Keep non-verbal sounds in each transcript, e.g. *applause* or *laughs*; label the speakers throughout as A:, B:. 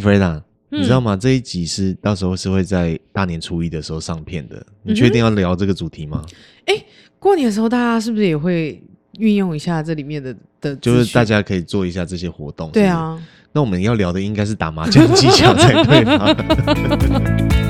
A: Freda，嗯、你知道嗎？這一集是到時候是會在大年初一的時候上片的。你確定要聊這個主題嗎？
B: 哎、嗯，欸，過年的時候大家是不是也會運用一下這裡面的的？就是大
A: 家可以做一下這些活動是不是。對啊，那我們要聊的應該是打麻將技巧才對吧。 *laughs* *laughs*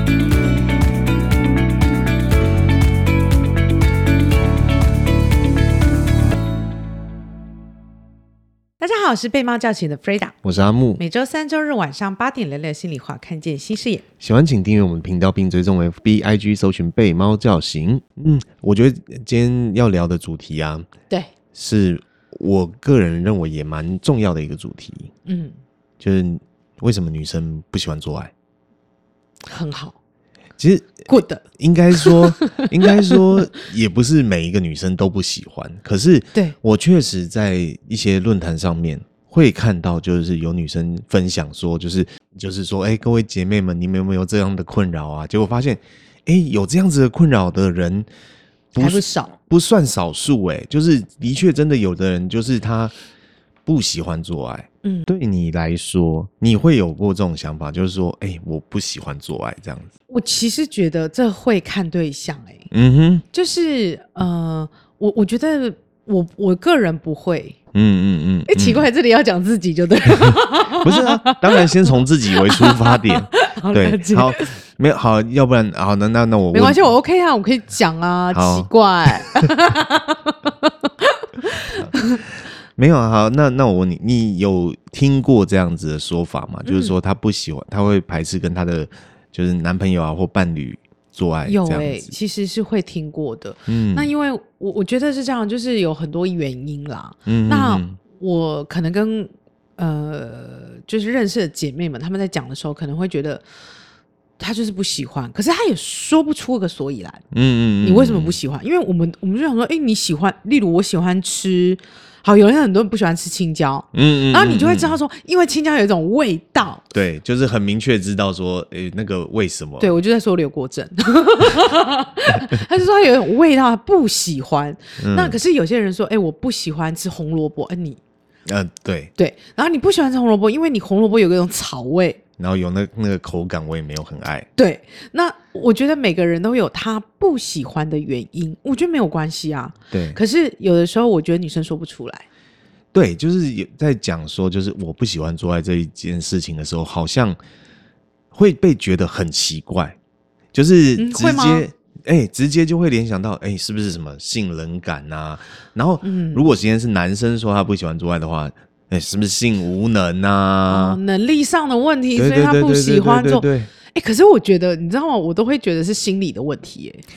B: 大家好，我是被貓叫醒的 Frida，我是阿木。每周三、周日晚上八點聊聊心裡話，看見新視野。
A: 喜歡請訂閱我們頻道，並追蹤 FB、IG，搜尋“被貓叫醒”。嗯，我覺得今天要聊的主題啊，對，是我個人認為也蠻重要的一個主題。
B: 嗯，
A: 就是為什麼女生不喜歡做愛？
B: 很好。
A: 其實 good 應該說，應該說也不是每一個女生都不喜歡，可是，對，我確實在一些論壇上面會看到，就是有女生分享說，就是就是說，哎，各位姐妹們，你們有沒有這樣的困擾啊？結果發現，哎，有這樣子的困擾的人不還不少，不算少數。哎，就是的確真的有的人，就是他。不喜歡做愛，嗯，對你來說，你會有過這種想法？就是說，哎、欸，我不喜歡做愛這樣子。
B: 我其實覺得這會看對象。欸，哎，嗯哼，就是呃，我我覺得我我個人不會，
A: 嗯，嗯嗯嗯，哎、欸，奇怪，
B: 這裡要講自己就對了，
A: *laughs* 不是啊，當然先從自己為出發點，
B: *laughs* 對，好，
A: 沒有好，要不然好。那那那我沒關係，
B: 我 OK 啊，我可以講啊，好奇怪、欸。 *laughs*
A: 沒有、啊、好，那那我問你，你有聽過這樣子的說法嗎？嗯、就是說她不喜歡，她會排斥跟她的就是男朋友啊或伴侶做愛。有誒、欸，
B: 其實是會聽過的。嗯，那因為我我覺得是這樣，就是有很多原因啦。嗯哼，那我可能跟呃就是認識的姐妹們，她們在講的時候可能會覺得。他就是不喜歡，可是他也說不出個所以然。
A: 嗯嗯，嗯，嗯你為什麼
B: 不喜歡？因為我們我們就想說，哎、欸，你喜歡，例如我喜歡吃，好，有人很多人不喜歡吃青椒，嗯嗯，嗯嗯，然後你就會知道說，嗯嗯因為青椒有一種味道。
A: 對，就是很明確知道說，哎、欸，那個為什麼？對，我
B: 就在說劉國正， *laughs* 他就說他有一種味道，他不喜歡。嗯、那可是有些人說，哎、欸，我不喜歡吃紅蘿蔔，哎、欸、你。嗯、呃，對對，然後你不喜歡吃紅蘿蔔，因為你紅蘿蔔有那種草味，
A: 然後有那個、那個口感，我也沒有很愛。
B: 對，那我覺得每個人都有他不喜歡的原因，我覺得沒有關係啊。對，可是有的時候我覺得女生說不出來，
A: 對，就是有在講說，就是我不喜歡做愛這一件事情的時候，好像會被覺得很奇怪，就是直接、嗯。會哎、欸，直接就會聯想到，哎、欸，是不是什麼性冷感吶、啊？然後，嗯、如果今天是男生說他不喜歡做愛的話，哎、欸，是不是性無能吶、啊
B: 嗯？能力上的問題，所以他不喜歡這種。哎、欸，可是我覺得，你知道嗎？我都會覺得是心理的問題、欸，哎，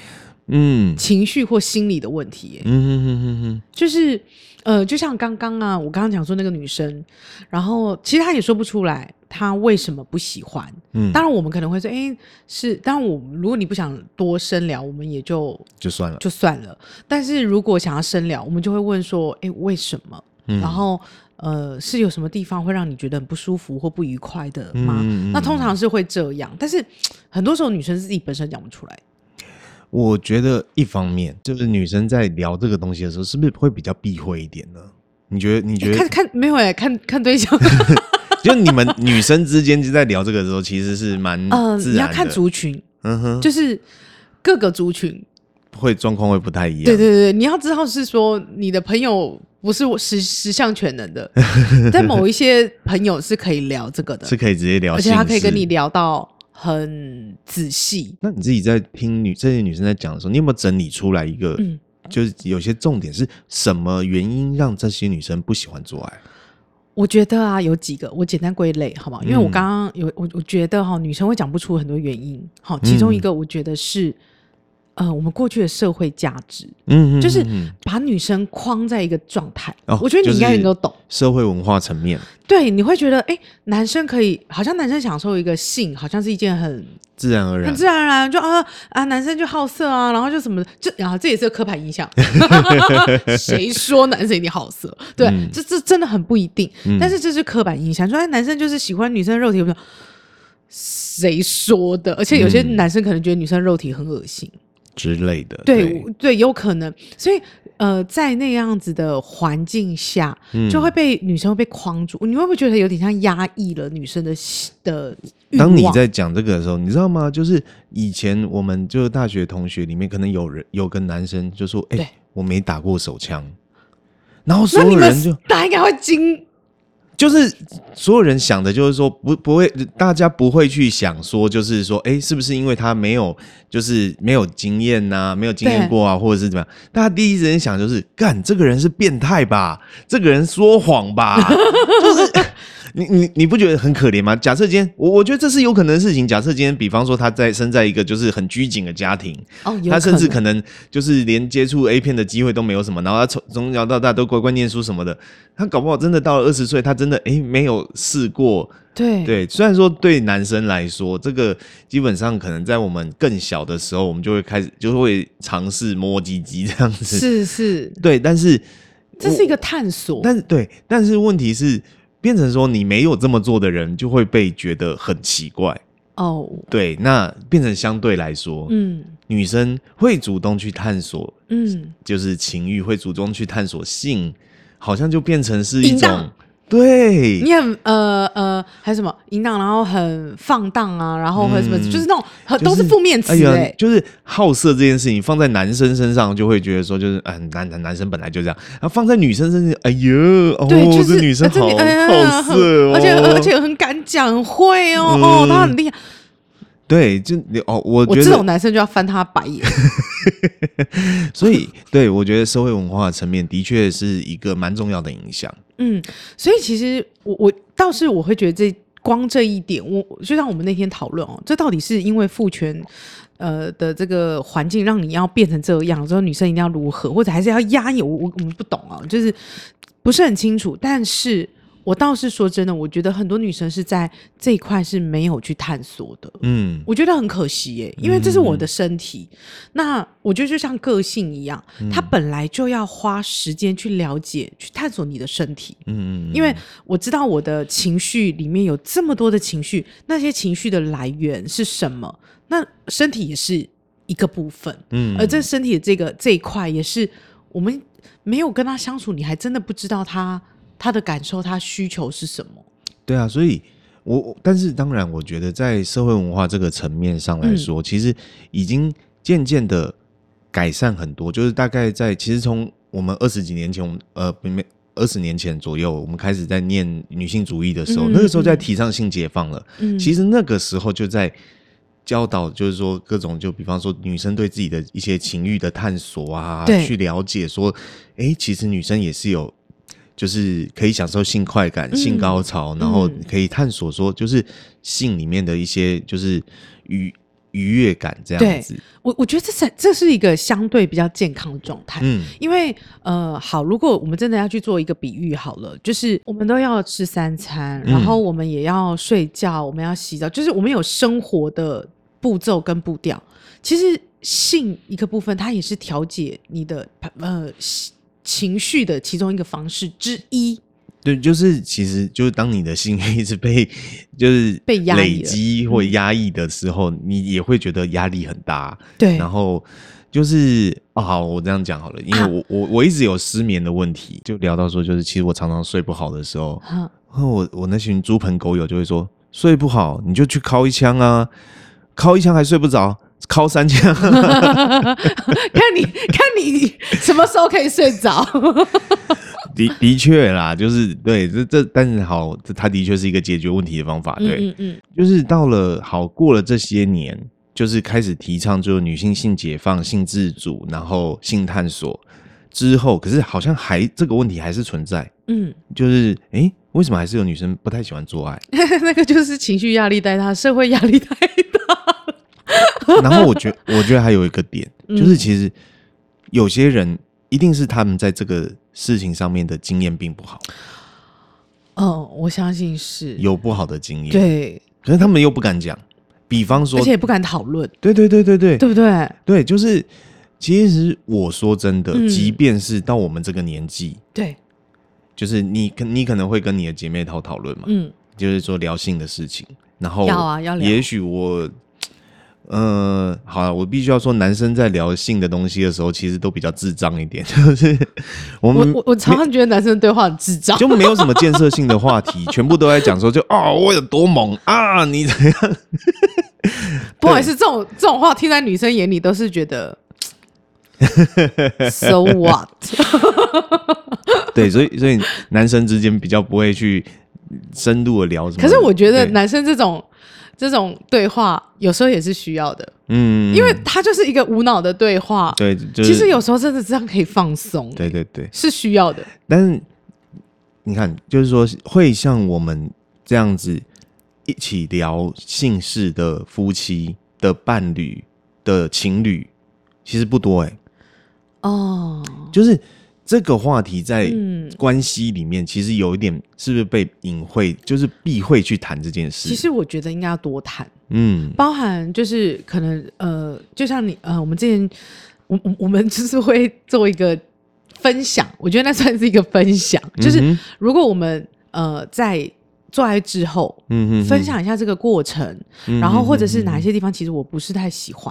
B: 嗯，情緒或心理的問題、欸，嗯哼哼哼哼，就是呃，就像剛剛啊，我剛剛講說那個女生，然後其實她也說不出來。他為什麼不喜歡？嗯，當然我們可能會說，哎、欸，是，當然我如果你不想多深聊，我們也就就算了，就算了。但是如果想要深聊，我們就會問說，哎、欸，為什麼？嗯、然後呃，是有什麼地方會讓你覺得很不舒服或不愉快的嗎？嗯、那通常是會這樣，嗯、但是很多時候女生自己本身講不出來。
A: 我覺得一方面就是女生在聊這個東西的時候，是不是會比較避諱一點呢？你覺得？你覺得？欸、看，
B: 看沒有哎，看看對象。 *laughs*
A: *laughs* 就你們女生之間就在聊這個的時候，其實是蠻嗯、呃，你要看族群，嗯哼，就是各個族群會狀況會不太一樣。對對
B: 對，你要知道是說你的朋友不是十十項全能的，
A: 但 *laughs* 某一
B: 些朋友是可以聊這個的，是
A: 可以直接聊，而且他可以跟你
B: 聊到很
A: 仔細。那你自己在聽女這些女生在講的時候，你有沒有整理出來一個，嗯、就是有些重點是什麼原因讓這些女生不喜歡做愛？
B: 我覺得啊，有幾個，我簡單歸類，好不好？因為我剛剛有、嗯、我，我覺得哈，女生會講不出很多原因，哈，其中一個我覺得是。嗯呃，我們過去的社會價值，嗯嗯，就是把女生框在一個狀態。哦、我覺得你應該能夠懂
A: 是是社會文化層面。
B: 對，你會覺得，哎、欸，男生可以，好像男生享受一個性，好像是一件很
A: 自然而然、很自
B: 然而然，就啊、呃、啊，男生就好色啊，然後就什麼，就啊，這也是個刻板印象。誰 *laughs* 說男生一定好色？對，嗯、這這真的很不一定。但是這是刻板印象，嗯、說哎、欸，男生就是喜歡女生肉體，有沒有？誰說的？而且有些男生可能覺得女生肉體很噁心。嗯
A: 之類的，對對，
B: 對，有可能，所以呃，在那樣子的環境下，嗯、就會被女生會被框住。你會不會覺得有點像壓抑了女生的的？當你在
A: 講這個的時候，你知道嗎？就是以前我們就是大學同學裡面，可能有人有個男生就說：“哎、欸，對我沒打過手槍。”然後所有人就，
B: 他應該會驚。
A: 就是所有人想的，就是說不不會，大家不會去想說，就是說，哎、欸，是不是因為他沒有，就是沒有經驗吶、啊，沒有經驗過啊，對或者是怎麼樣？大家第一時間想就是，幹這個人是變態吧？這個人說謊吧？就是。 *laughs* *laughs* 你你你不覺得很可憐嗎？假設今天，我我覺得這是有可能的事情。假設今天，比方說他在生在一個就是很拘謹的家庭，
B: 哦、他甚至可
A: 能就是連接觸 A 片的機會都沒有什麼。然後他從從小到大都乖乖念書什麼的，他搞不好真的到了二十歲，他真的哎、欸、沒有試過。對對，雖然說對男生來說，這個基本上可能在我們更小的時候，我們就會開始就會嘗試摸雞雞這樣子。是是，對，但是這是一個探索。嗯、但是對，但是問題是。變成說你沒有這麼做的人就會被覺得很奇怪哦，oh. 對，那變成相對來說，嗯，女生會主動去探索，嗯，就是情欲會主動去探索性，好像就變成是一種。對你
B: 很呃呃，還有什麼淫蕩，然後很放蕩啊，然後或者什麼，嗯就是、就是那種很都是負面詞、欸、哎呀，
A: 就是好色這件事情放在男生身上就會覺得說就是嗯、呃、男男男生本來就這樣，然後放在女生身上，哎呦哦、對、就是、哦，這女生好、呃嗯嗯、好色、哦，而且而且
B: 很敢講會哦、嗯、哦，他很厲害，
A: 對，就你哦我覺得我這種
B: 男生就要翻他白眼，
A: *laughs* 所以對我覺得社會文化層面的確是一個蠻重要的影響。
B: 嗯，所以其實我我倒是我會覺得這光這一點，我就像我們那天討論哦，這到底是因為父權，呃的這個環境讓你要變成這樣之後，女生一定要如何，或者還是要壓抑我我我們不懂啊，就是不是很清楚，但是。我倒是說真的，我覺得很多女生是在這一塊是沒有去探索的，嗯，我覺得很可惜耶、欸，因為這是我的身體。嗯、那我覺得就像個性一樣，她、嗯、本來就要花時間去了解、去探索你的身體，嗯，因為我知道我的情緒裡面有這麼多的情緒，那些情緒的來源是什麼？那身體也是一個部分，嗯，而這身體這個這一塊也是我們沒有跟她相處，你還真的不知道她。他的感受，他需求是什麼？
A: 對啊，所以我，但是當然，我覺得在社會文化這個層面上來說，嗯、其實已經漸漸的改善很多。就是大概在，其實從我們二十幾年前，呃，沒二十年前左右，我們開始在念女性主義的時候，嗯嗯，那個時候在提倡性解放了。嗯，嗯，其實那個時候就在教導，就是說各種，就比方說女生對自己的一些情慾的探索啊，對去了解說，哎，其實女生也是有。就是可以享受性快感、性高潮，嗯、然後可以探索說，就是性裡面的一些就是愉愉悅感這樣子。
B: 對，我我覺得這是這是一個相對比較健康的狀態。嗯，因為呃，好，如果我們真的要去做一個比喻好了，就是我們都要吃三餐，嗯、然後我們也要睡覺，我們要洗澡，就是我們有生活的步驟跟步調。其實性一個部分，它也是調節你的呃。情緒的其中一個方式之一，
A: 對，就是其實就是當你的心一直被就是被累積或壓抑的時候，你也會覺得壓力很大。嗯、對，然後就是、哦、好，我這樣講好了，因為我、啊、我我一直有失眠的問題，就聊到說，就是其實我常常睡不好的時候，啊，我我那群豬朋狗友就會說，睡不好你就去敲一槍啊，敲一槍還睡不着。靠尻三槍 *laughs*
B: *laughs* 看你看你什麼時候可以睡着 *laughs* ？
A: 的的確啦，就是對，這這，但是好，它的確是一個解決問題的方法。對，嗯，嗯嗯，就是到了好過了這些年，就是開始提倡就是女性性解放、性自主，然後性探索之後，可是好像還這個問題還是存在。嗯，就是哎、欸，為什麼還是有女生不太喜歡做愛？
B: *laughs* 那個就是情緒壓力太大，社會壓力太大。
A: 然後我覺，我覺得還有一個點，就是其實有些人一定是他們在這個事情上面的經驗並不好。
B: 嗯，我相信是
A: 有不好的經驗，對。可是他們又不敢講，比方說，而且也
B: 不敢討論。
A: 對對對對對，對不對？對，就是其實我說真的，即便是到我們這個年紀，對，就是你可你可能會跟你的姐妹淘討論嘛，嗯，就是說聊性的事情，然後要啊要，也許我。嗯、呃，好了，我必須要說，男生在聊性的東西的時候，其實都比較智障一點。就是我們，我
B: 我常常覺得男生對話很智障，就沒有什麼建設
A: 性的話題， *laughs* 全部都在講說就，就、哦、啊我有多猛啊，你怎樣不好意思？
B: 不管是這種這種話，聽在女生眼裡都是覺得
A: *laughs* ，so what？ *laughs* 對，所以所以男生之間比較不會去深度的聊什麼。可是
B: 我覺得男生這種。這種對話有時候也是需要的，
A: 嗯，因為
B: 它就是一個無腦的對話，
A: 對，就是、其實有
B: 時候真的這樣可以放鬆、
A: 欸，對對對，是需要的。但是你看，就是說會像我們這樣子一起聊性事的夫妻的伴侶的情侶，其實不多哎、
B: 欸，
A: 哦，就是。這個話題在關係裡面，其實有一點是不是被隱晦，嗯、就是避諱去談這件事。其
B: 實我覺得應該要多談，嗯，包含就是可能呃，就像你呃，我們之前我我我們就是會做一個分享，我覺得那算是一個分享，就是如果我們呃在做愛之後，嗯哼哼，分享一下這個過程，嗯、哼哼然後或者是哪一些地方，其實我不是太喜歡，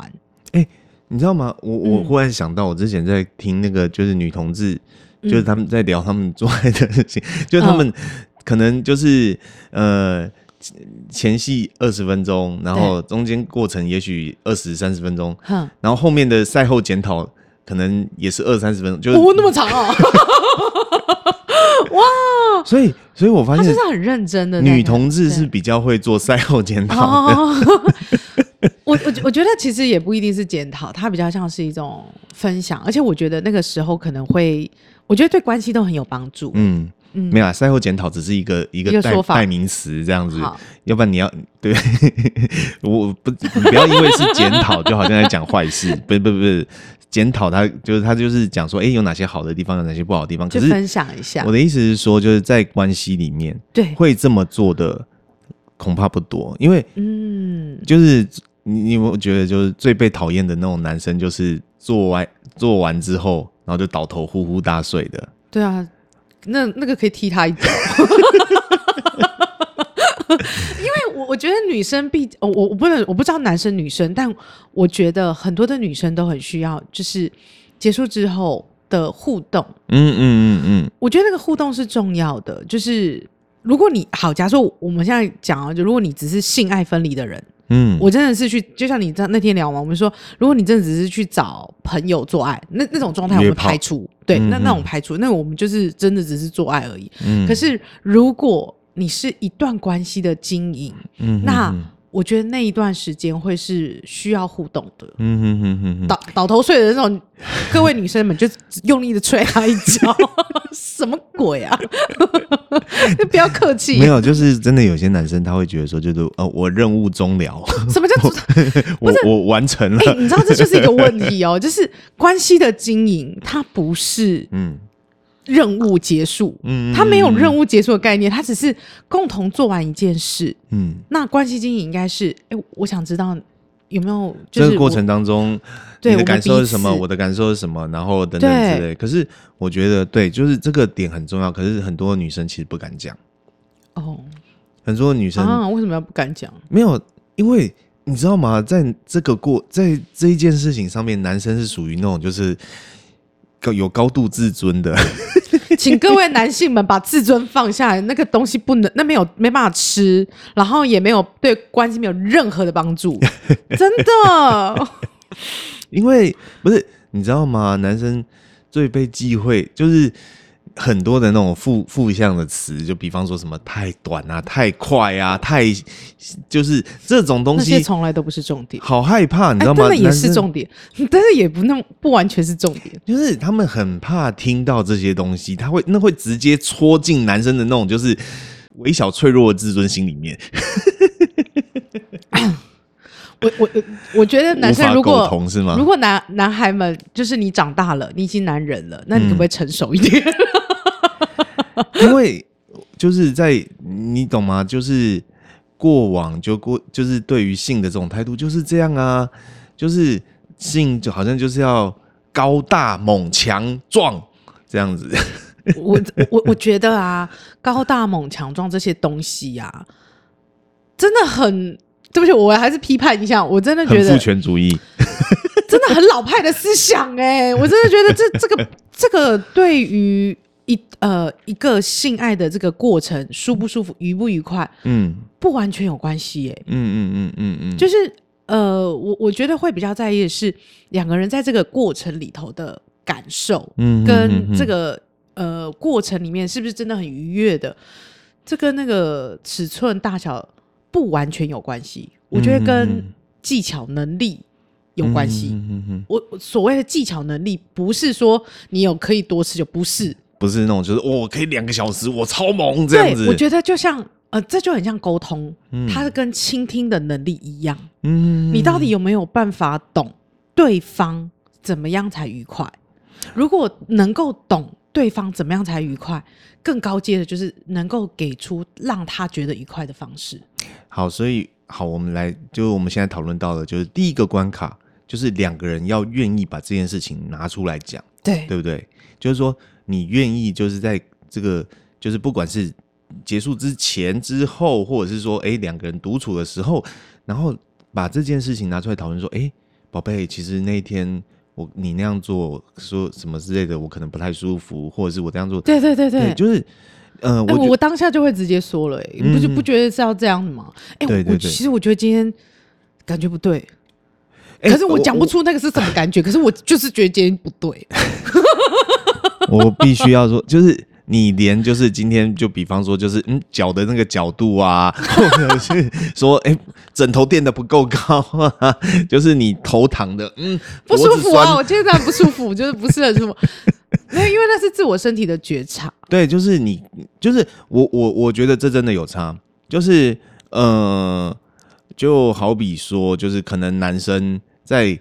A: 哎、欸。你知道嗎？我我忽然想到，我之前在聽那個，就是女同志，就是他們在聊他們做愛的事情，就是他們可能就是呃前戲二十分鐘，然後中間過程也許二十三十分鐘，然後後面的賽後檢討可能也是二三十分鐘，就是那
B: 麼長哦，哇！
A: 所以所以我發現他真的
B: 很認真的，女
A: 同志是比較會做賽後檢討的。
B: 我我我覺得其實也不一定是檢討，它比較像是一種分享，而且我覺得那個時候可能會，我覺得對關係都很有幫助。
A: 嗯，嗯，沒有啊，賽後檢討只是一個一個代一個說法代名詞這樣子，好要不然你要對 *laughs* 我不，你不要因為是檢討就好像在講壞事， *laughs* 不不不檢討他就是他就是講說，哎、欸，有哪些好的地方，有哪些不好的地方，就分
B: 享一下。我的
A: 意思是說，就是在關係裡面，對，會這麼做的恐怕不多，因為嗯，就是。嗯你你有沒有覺得就是最被討厭的那種男生，就是做完做完之後，然後就倒頭呼呼大睡的。
B: 對啊，那那個可以踢他一腳。 *laughs* *laughs* *laughs* 因為我我覺得女生必我我不能我不知道男生女生，但我覺得很多的女生都很需要，就是結束之後的互動。嗯嗯嗯嗯，嗯嗯我覺得那個互動是重要的。就是如果你好，假如說我們現在講哦，啊，就如果你只是性愛分離的人。嗯，我真的是去，就像你在那天聊嘛，我們說，如果你真的只是去找朋友做愛，那那種狀態我們排除，別跑，對，嗯哼，那那種排除，那我們就是真的只是做愛而已。嗯，可是如果你是一段關係的經營，嗯哼，那。嗯我覺得那一段時間會是需要互動的，嗯哼哼哼哼，倒倒頭睡的那種，各位女生們就用力的踹他一腳， *laughs* *laughs* 什麼鬼啊？你 *laughs* 不要客氣，沒有，
A: 就是真的有些男生他會覺得說，就是呃，我任務終了，什麼叫我是我，我完成了。欸，你知道這就是一個問題
B: 哦，就是關係的經營，它不是嗯。任務結束，
A: 嗯，他沒有任務
B: 結束的概念，嗯、他只是共同做完一件事，嗯，那關係經營應該是，哎、欸，我想知道有沒有這個過程
A: 當中，你的感受是什麼？我，我的感受是什麼？然後等等之類。對，可是我覺得對，就是這個點很重要。可是很多女生其實不敢講，哦，oh, 很多女生啊，
B: 為什麼要不敢講？
A: 沒有，因為你知道嗎？在這個過在這一件事情上面，男生是屬於那種就是。有高度自尊的，
B: *laughs* 請各位男性們把自尊放下來，那個東西不能，那沒有，沒辦法吃，然後也沒有對關係沒有任何的幫助，
A: *laughs* 真的。 *laughs* 因為不是你知道嗎？男生最被忌諱就是。很多的那種負負向的詞，就比方說什麼太短啊、太快啊、太就是這種東西，從來都不是重點。好害怕，你知道嗎？欸、也是重點，男生但是也不那麼不完全是重點。就是他們很怕聽到這些東西，他會那會直接戳進男生的那種就是微小脆弱的自尊心裡面。
B: *laughs* 我我我覺得男生如果無法溝通，是嗎？如果男男孩們就是你長大了，你已經男人了，那你可不可以成熟一點？嗯
A: *laughs* 因為就是在你懂嗎？就是過往就過，就是對於性的這種態度就是這樣啊，就是性就好像就是要高大猛強壯這樣子我。我我我覺
B: 得啊， *laughs* 高大猛強壯這些東西呀、啊，真的很對不起，我還是批判一下，我真的覺得父
A: 權主義 *laughs* ，
B: 真的很老派的思想哎、欸，我真的覺得這 *laughs* 這個這個對於。一呃，一個性愛的這個過程，舒不舒服、嗯、愉不愉快，嗯，不完全有關係耶。嗯嗯嗯嗯嗯，嗯嗯嗯就是呃，我我覺得會比較在意的是兩個人在這個過程裡頭的感受，嗯，跟這個呃過程裡面是不是真的很愉悅的，這跟那個尺寸大小不完全有關係，我覺得跟技巧能力有關係。嗯，嗯，嗯，嗯，嗯我，我所謂的技巧能力，不是說你有可以多次就不是。
A: 不是那種，就是我、哦、可以兩個小時，我超忙，這樣子。對，我覺得
B: 就像呃，這就很像溝通，他、嗯、跟傾聽的能力一樣。
A: 嗯，你到
B: 底有沒有辦法懂對方怎麼樣才愉快？如果能夠懂對方怎麼樣才愉快，更高階的就是能夠給出讓他覺得愉快的方式。
A: 好，所以好，我們來，就我們現在討論到的就是第一個關卡，就是兩個人要願意把這件事情拿出來講，對對不對？就是說。你願意就是在這個，就是不管是結束之前、之後，或者是說，哎，欸，兩個人獨處的時候，然後把這件事情拿出來討論，說，哎，欸，寶貝，其實那一天我你那樣做，說什麼之類的，我可能不太舒服，或者是我這樣做，對對對對，對，就是，呃，我我
B: 當下就會直接說了，欸，嗯，不就不覺得是要這樣的嗎？哎，欸，對對對對，我其實我覺得今天感覺不對，
A: 欸，可是我講不
B: 出那個是什麼感覺，可是我就是覺得今天不對。 *laughs*
A: *laughs* 我必須要說，就是你連就是今天就比方說，就是嗯，腳的那個角度啊，或者是說，哎、欸，枕頭墊的不夠高、啊，就是你頭躺的，嗯，
B: 不舒服啊，我今天這樣不舒服，就是不是很舒服。 *laughs* 因為那是自我身體的覺察。
A: 對，就是你，就是我，我我我覺得這真的有差，就是嗯、呃，就好比說，就是可能男生在。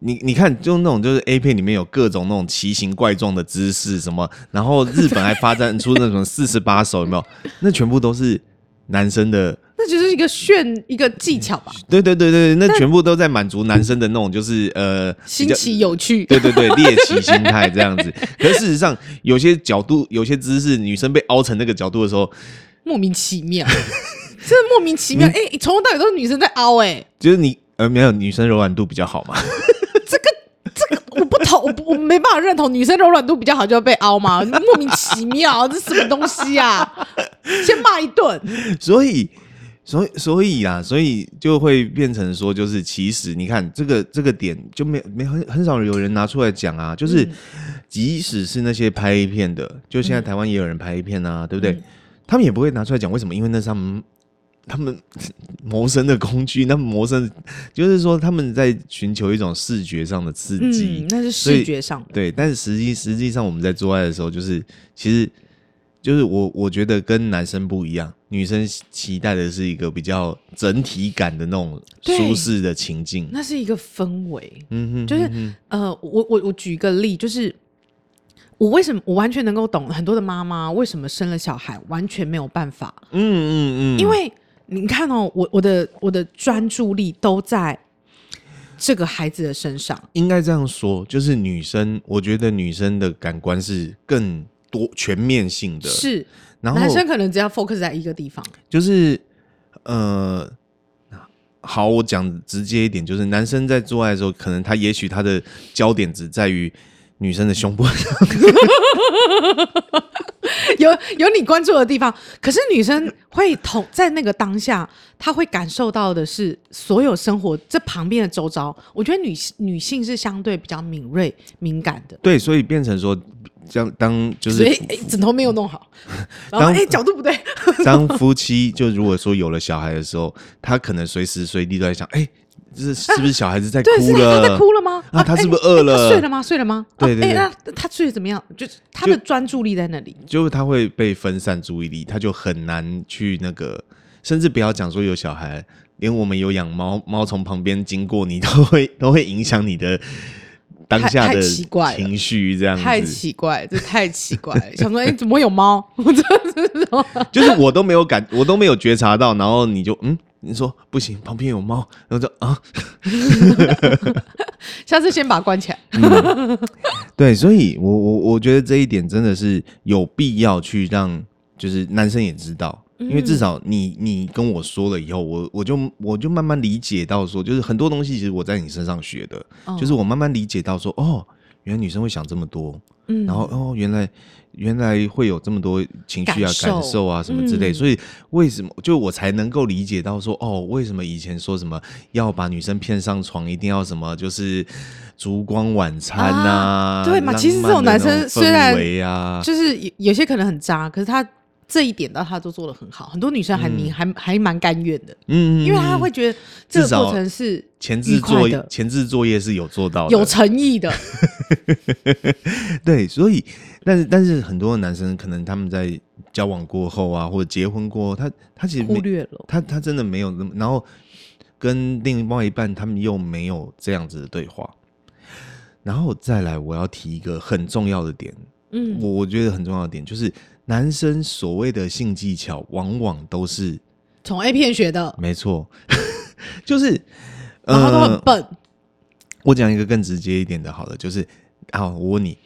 A: 你你看，就那種就是 A 片裡面有各種那種奇形怪狀的姿勢，什麼，然後日本還發展出那種四十八手，有沒有？那全部都是男生的，
B: 那就是一個炫一個技巧吧。
A: 對對對對，那全部都在滿足男生的那種，就是呃那較新奇有趣。對對對，獵奇心態這樣子。 *laughs* 可是事實上，有些角度，有些姿勢，女生被凹成那個角度的時候，
B: 莫名其妙，真的莫名其妙。哎、 *laughs* 嗯，從頭、欸、到尾都是女生在凹、欸，
A: 哎，就是你呃沒有女生柔軟度比較好嘛。
B: 我我我沒辦法認同女生柔軟度比較好就要被凹嘛，莫名其妙、啊，這是什麼東西啊！ *laughs* 先罵一頓。
A: 所以，所以，所以啊，所以就會變成說，就是其實你看這個這個點，就沒沒很很少有人拿出來講啊。就是即使是那些拍 A 片的，就現在台灣也有人拍 A 片啊，嗯、對不對？嗯、他們也不會拿出來講為什麼，因為那是他們。他們謀生的工具，那謀生就是說他們在尋求一種視覺上的刺激，嗯、那是視覺上的，對，但是實際實際上我們在做愛的時候，就是其實就是我我覺得跟男生不一樣，女生期待的是一個比較整體感的那種舒適的情境，那
B: 是一個氛圍，嗯
A: 哼，就是、嗯、
B: 哼呃，我我我舉一個例，就是我為什麼我完全能夠懂很多的媽媽為什麼生了小孩完全沒有辦法，
A: 嗯嗯嗯，嗯嗯因為。
B: 你看哦，我我的我的專注力都在這個孩子的身上。
A: 應該這樣說，就是女生，我覺得女生的感官是更多全面性的。是，然後男生
B: 可能只要 focus 在一個地方。
A: 就是，呃，好，我講直接一點，就是男生在做愛的時候，可能他也許他的焦點只在於。女生的胸部 *laughs* *laughs* 有，
B: 有有你關注的地方。可是女生會同在那個當下，她會感受到的是所有生活這旁邊的周遭。我覺得女女性是相對比較敏銳、敏感的。對，
A: 所以變成說，這樣當就是，哎、欸欸，
B: 枕頭沒有弄好，
A: 然後哎當、欸、角度
B: 不對，當夫
A: 妻就如果說有了小孩的時候， *laughs* 他可能隨時隨地都在想，哎、欸。是是不是小孩子在哭了、啊？對，是他在哭了嗎？啊，他是不是餓了？啊欸、他睡
B: 了嗎？睡了嗎？對對，對、啊欸。那他睡得怎麼樣？就是他的專注力在哪裡？
A: 就是他會被分散注意力，他就很難去那個，甚至不要講說有小孩，連我們有養貓，貓從旁邊經過，你都會都會影響你的當下的情緒，這樣子太，太奇
B: 怪，這太奇怪。奇怪 *laughs* 想說，哎、欸，怎麼會有貓？我真
A: 的是就是我都沒有感，我都沒有覺察到，然後你就嗯。你說不行，旁邊有貓，然後就啊， *laughs*
B: *laughs* 下次先把它關起來、 *laughs* 嗯。
A: 對，所以，我我我覺得這一點真的是有必要去讓，就是男生也知道，嗯、因為至少你你跟我說了以後，我我就我就慢慢理解到說，就是很多東西其實我在你身上學的，就是我慢慢理解到說，哦，哦，原來女生會想這麼多。嗯、然後哦，原來原來會有這麼多情緒啊、感受、感受啊什麼之類，嗯、所以為什麼就我才能夠理解到說哦，為什麼以前說什麼要把女生騙上床一定要什麼就是燭光晚餐吶、啊啊？對嘛？啊、其實這種男生雖然為啊，就是
B: 有有些可能很渣，可是他。這一點，到他都做得很好，很多女生還、嗯、還還蠻甘願的，嗯，因為她會覺得這個過程是前置作業，
A: 前置作業是有做到的有誠意的， *laughs* 對，所以，但是但是很多男生可能他們在交往過後啊，或者結婚過後，他他其實忽略了，他他真的沒有那麼，然後跟另外一半他們又沒有這樣子的對話，然後再來，我要提一個很重要的點，嗯，我我覺得很重要的點就是。男生所謂的性技巧，往往都是
B: 從 A 片學的。
A: 沒錯 錯， *laughs* 就是，然後都很笨，呃。我講一個更直接一點的，好了，就是好，我問你，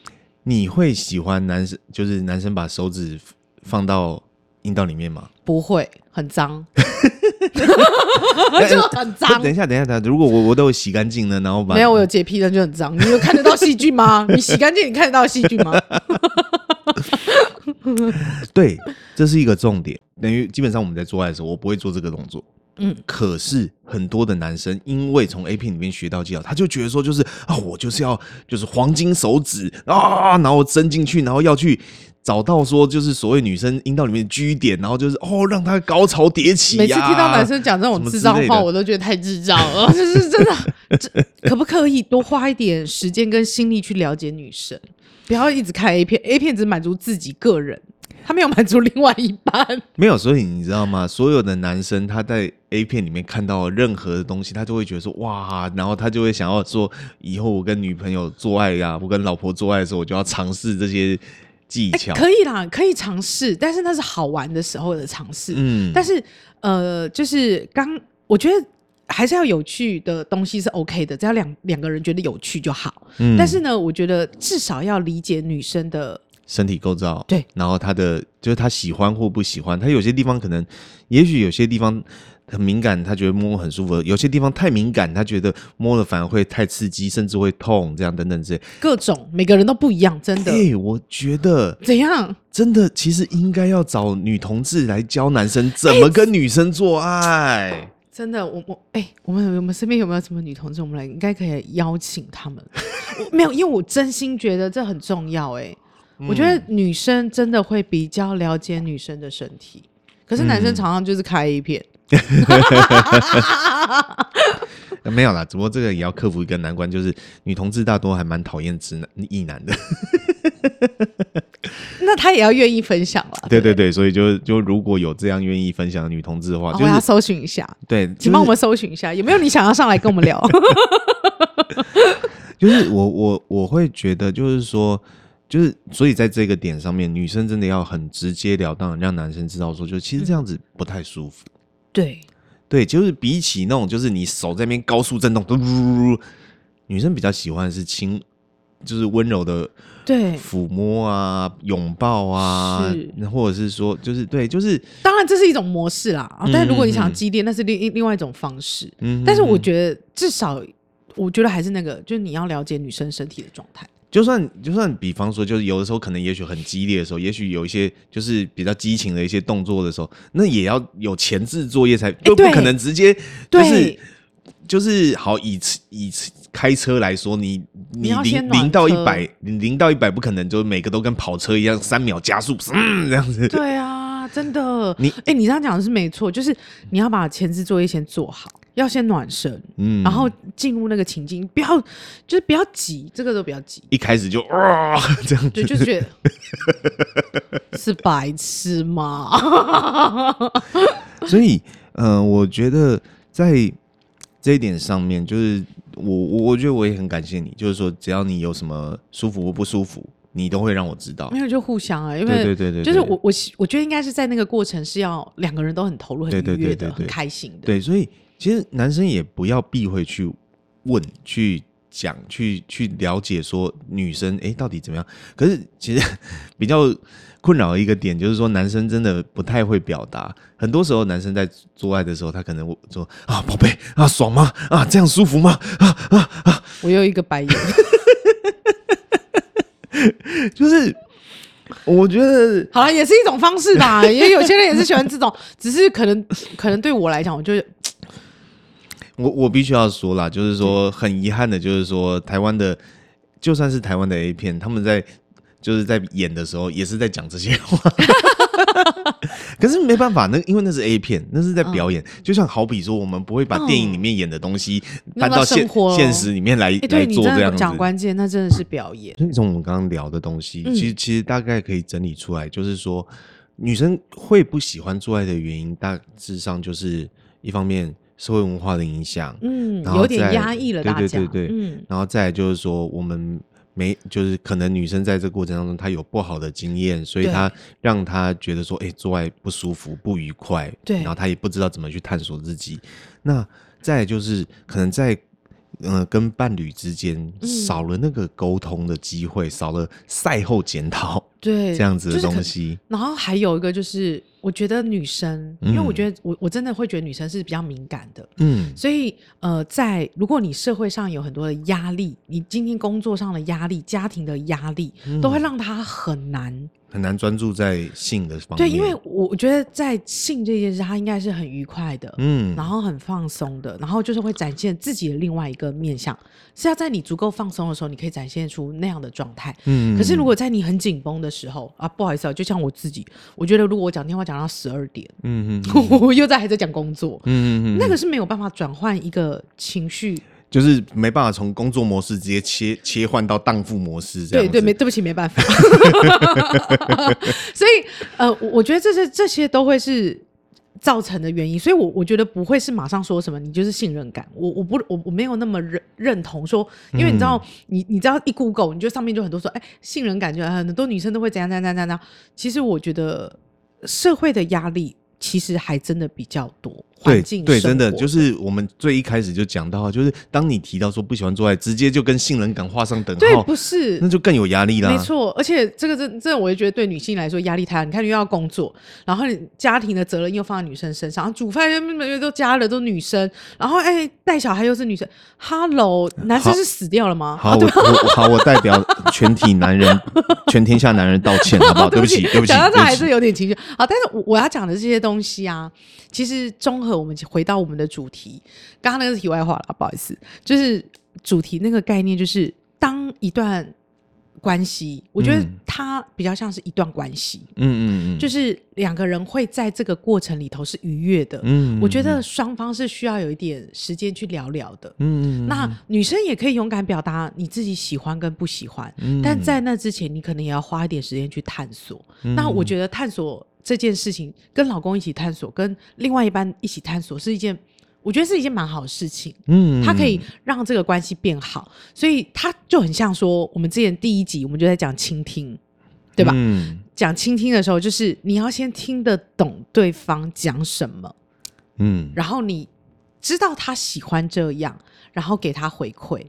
A: 你會喜歡男生，就是男生把手指放到陰道裡面嗎？
B: 不會，很髒，
A: *laughs* *laughs* 就很髒 髒。 *laughs* 等一下，等一下，等，如果我我都有洗乾淨呢，然後把沒有，
B: 我有潔癖，但就很髒。你有看得到細菌嗎？ *laughs* 你洗乾淨，你看得到細菌嗎？ *laughs* *laughs*
A: 對，這是一個重點。等於基本上我們在做愛的時候，我不會做這個動作。嗯，可是很多的男生因為從 A 片裡面學到技巧，他就覺得說，就是啊、哦，我就是要就是黃金手指啊，然後伸進去，然後要去找到說，就是所謂女生陰道裡面的 G 點，然後就是哦，讓他高潮迭起、啊。每次聽到男生講這種智障話，我
B: 都覺得太智障了，就是真的。 *laughs* 可不可以多花一點時間跟心力去了解女生？不要一直看 A 片，A 片只滿足自己個人，他沒有滿足另外一半。
A: 沒有，所以你知道嗎？所有的男生他在 A 片裡面看到任何的東西，他就會覺得說哇，然後他就會想要說，以後我跟女朋友做愛呀，我跟老婆做愛的時候，我就要嘗試這些技巧。欸，可以
B: 啦，可以嘗試，但是那是好玩的時候的嘗試。嗯，但是呃，就是剛我覺得。還是要有趣的東西是 OK 的，只要兩兩個人覺得有趣就好。嗯，但是呢，我覺得至少要理解女生的
A: 身體構造，對，然後她的，就是她喜歡或不喜歡，她有些地方可能，也許有些地方很敏感，她覺得摸很舒服，有些地方太敏感，她覺得摸了反而會太刺激，甚至會痛，這樣等等之類，
B: 各種每個人都不一樣，真的。對、欸，
A: 我覺得怎樣？真的，其實應該要找女同志來教男生怎麼跟女生做愛。欸 *coughs*
B: 真的，我我哎、欸，我們我們身邊有沒有什麼女同志？我們來應該可以邀請他們。 *laughs* 沒有，因為我真心覺得這很重要哎、欸。 *laughs* 我覺得女生真的會比較了解女生的身體，嗯、可是男生常常就是開一片。
A: 沒有啦，只不過這個也要克服一個難關，就是女同志大多還蠻討厭直男異男的。 *laughs*
B: 那她也要願意分享
A: 了，啊，對對對，對所以就就，如果有這樣願意分享的女同志的話，就是哦、我們要
B: 搜尋一下。對，就是，請幫我們搜尋一下， *laughs* 有沒有你想要上來跟我們聊？
A: *laughs* *laughs* 就是我我我會覺得，就是說，就是所以在這個點上面，女生真的要很直截了當讓男生知道說，說就其實這樣子不太舒服。對、嗯、對，就是比起那種就是你手在那邊高速震動，對女生比較喜歡是輕，就是溫柔的。對，撫摸啊，擁抱啊，是，或者是說，就是對，就是
B: 當然這是一種模式啦。嗯嗯嗯哦、但如果你想激烈，嗯嗯那是另另外一種方
A: 式。嗯，嗯，嗯，但是我覺
B: 得至少，我覺得還是那個，就是你要了解女生身體的狀態。
A: 就算就算，比方說，就是有的時候可能也許很激烈的時候，也許有一些就是比較激情的一些動作的時候，那也要有前置作業才，就、欸、不可能直接、就是、對就是好，以以，以開車來說，你你你要先暖車，零零到一百，零到一百不可能，就每個都跟跑車一樣，三、嗯、秒加速、嗯，這樣子。對
B: 啊，真的。你哎、欸，你這樣講的是沒錯，就是你要把前置作業先做好，要先暖身，嗯，然後進入那個情境，不要就是不要急，這個都不要
A: 急，一開始就哦、呃，這樣子，對，就是、覺得
B: *laughs* 是白痴嗎？
A: *laughs* 所以，嗯、呃，我覺得在。這一點上面，就是我我我覺得我也很感謝你，就是說只要你有什麼舒服或不舒服，你都會讓我知道。沒
B: 有，就互相啊，因為對，對對對，就是我我我覺得應該是在那個過程是要兩個人都很投入、很愉悅的、很開心的。
A: 對，所以其實男生也不要避諱去問去。講去去了解說女生哎、欸、到底怎麼樣？可是其實比較困擾的一個點就是說男生真的不太會表達，很多時候男生在做愛的時候，他可能說啊寶貝啊爽嗎啊這樣舒服嗎啊啊
B: 啊！啊我又一個白眼，
A: *laughs* *laughs* 就是我覺得
B: 好啦，也是一種方式吧，也有些人也是喜歡這種， *laughs* 只是可能可能對我來講，我就。
A: 我我必須要說啦，就是說很遺憾的，就是說台灣的，就算是台灣的 A 片，他們在就是在演的時候，也是在講這些話。 *laughs* *laughs* 可是沒辦法，那因為那是 A 片，那是在表演。嗯、就像好比說，我們不會把電影裡面演的東西搬、嗯、到現、嗯、到現實裡面來、欸、對來做這樣子。講關
B: 鍵，那真的是表演。
A: 嗯、所以從我們剛剛聊的東西，嗯、其實其實大概可以整理出來，就是說女生會不喜歡做愛的原因，大致上就是一方面。社會文化的影響，嗯，然後有點壓抑了大家，對對對對，嗯，然後再來就是說，我們沒就是可能女生在這個過程當中，她有不好的經驗，所以她讓她覺得說，哎對，做愛、欸、不舒服、不愉快，對，然後她也不知道怎麼去探索自己。那再就是可能在嗯、呃、跟伴侶之間少了那個溝通的機會，嗯、少了賽後檢討，
B: 對，這樣子的東西。然後還有一個就是。我覺得女生，因為我覺得、嗯、我我真的會覺得女生是比較敏感的，嗯，所以呃，在如果你社會上有很多的壓力，你今天工作上的壓力、家庭的壓力，都會讓她很難。
A: 很難專注在性的方面。對，因為
B: 我我覺得在性這件事，它應該是很愉快的，嗯，然後很放鬆的，然後就是會展現自己的另外一個面向，是要在你足夠放鬆的時候，你可以展現出那樣的狀態。嗯，可是如果在你很緊繃的時候啊，不好意思、喔，啊，就像我自己，我覺得如果我講電話講到十二點，
A: 嗯嗯，我
B: 又在還在講工作，嗯哼
A: 嗯哼，那個是
B: 沒有辦法轉換一個情緒。
A: 就是沒辦法從工作模式直接切切換到蕩婦模式這樣。對對，沒
B: 對不起，沒辦法。 *laughs* *laughs* 所以呃，我覺得這些這些都會是造成的原因。所以我，我我覺得不會是馬上說什麼你就是信任感，我我不我我沒有那麼認認同說，因為你知道、嗯、你你知道一 Google，你就上面就很多說，哎、欸，信任感就很多女生都會怎樣怎樣怎樣怎樣。其實我覺得社會的壓力其實還真的比較多。對對，對生活真的就
A: 是我們最一開始就講到，就是當你提到說不喜歡做愛，直接就跟性冷感畫上等號，對，不是，那就更有壓力了。沒錯，
B: 而且這個這這，真的我也覺得對女性來說壓力太大。你看，又要工作，然後你家庭的責任又放在女生身上，然後煮飯又每個都加了都女生，然後哎、欸，帶小孩又是女生。Hello，男生是死掉了嗎？好，我好，我代表全體
A: 男人， *laughs* 全天下男人道歉好不好？ *laughs* 對不起，對不起。講到這還是
B: 有點情緒。好，但是我要講的這些東西啊，其實綜合。我們回到我們的主題，剛剛那個是題外話了，不好意思。就是主題那個概念，就是當一段關係，我覺得它比較像是一段關係，嗯嗯嗯，就是兩個人會在這個過程裡頭是愉悅的，嗯，嗯，我覺得雙方是需要有一點時間去聊聊的，嗯，嗯，那女生也可以勇敢表達你自己喜歡跟不喜歡，嗯，但在那之前，你可能也要花一點時間去探索。嗯，那我覺得探索。這件事情跟老公一起探索，跟另外一半一起探索是一件，我覺得是一件蠻好的事情。嗯，他可以讓這個關係變好，所以他就很像說，我們之前第一集我們就在講傾聽，對吧？嗯，講傾聽的時候，就是你要先聽得懂對方講什麼，嗯，然後你知道他喜歡這樣，然後給他回饋。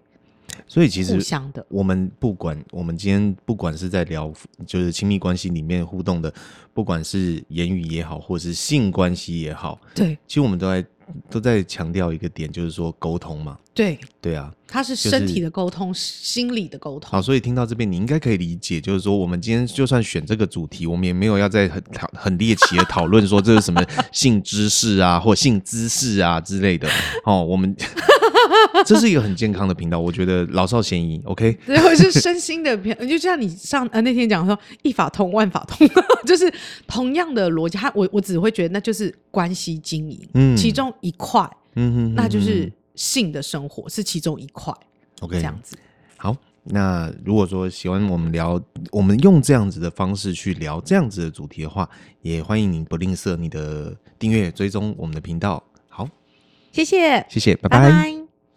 A: 所以其實，我們不管我們今天不管是在聊就是親密關係裡面互動的，不管是言語也好，或是性關係也好，對，其實我們都在都在強調一個點，就是說溝通嘛，對，對啊，它是身體
B: 的溝通，就是、心理的溝通。好，
A: 所以聽到這邊，你應該可以理解，就是說我們今天就算選這個主題，我們也沒有要在很討很獵奇的討論說這是什麼性知識啊， *laughs* 或性姿勢啊之類的哦，我們。 *laughs* 這是一個很健康的頻道，我覺得老少咸宜。OK，然後、就是身
B: 心的平， *laughs* 就像你上呃那天講說一法通萬法通， *laughs* 就是同樣的邏輯。我我只會覺得那就是關係經營，嗯，其中一塊，嗯哼哼
A: 哼哼，那就是
B: 性的生活是其中一塊。OK，這樣子。
A: 好，那如果說喜歡我們聊，我們用這樣子的方式去聊這樣子的主題的話，也歡迎您不吝嗇你的訂閱，追蹤我們的頻道。好，謝謝，謝謝，拜拜。Bye bye。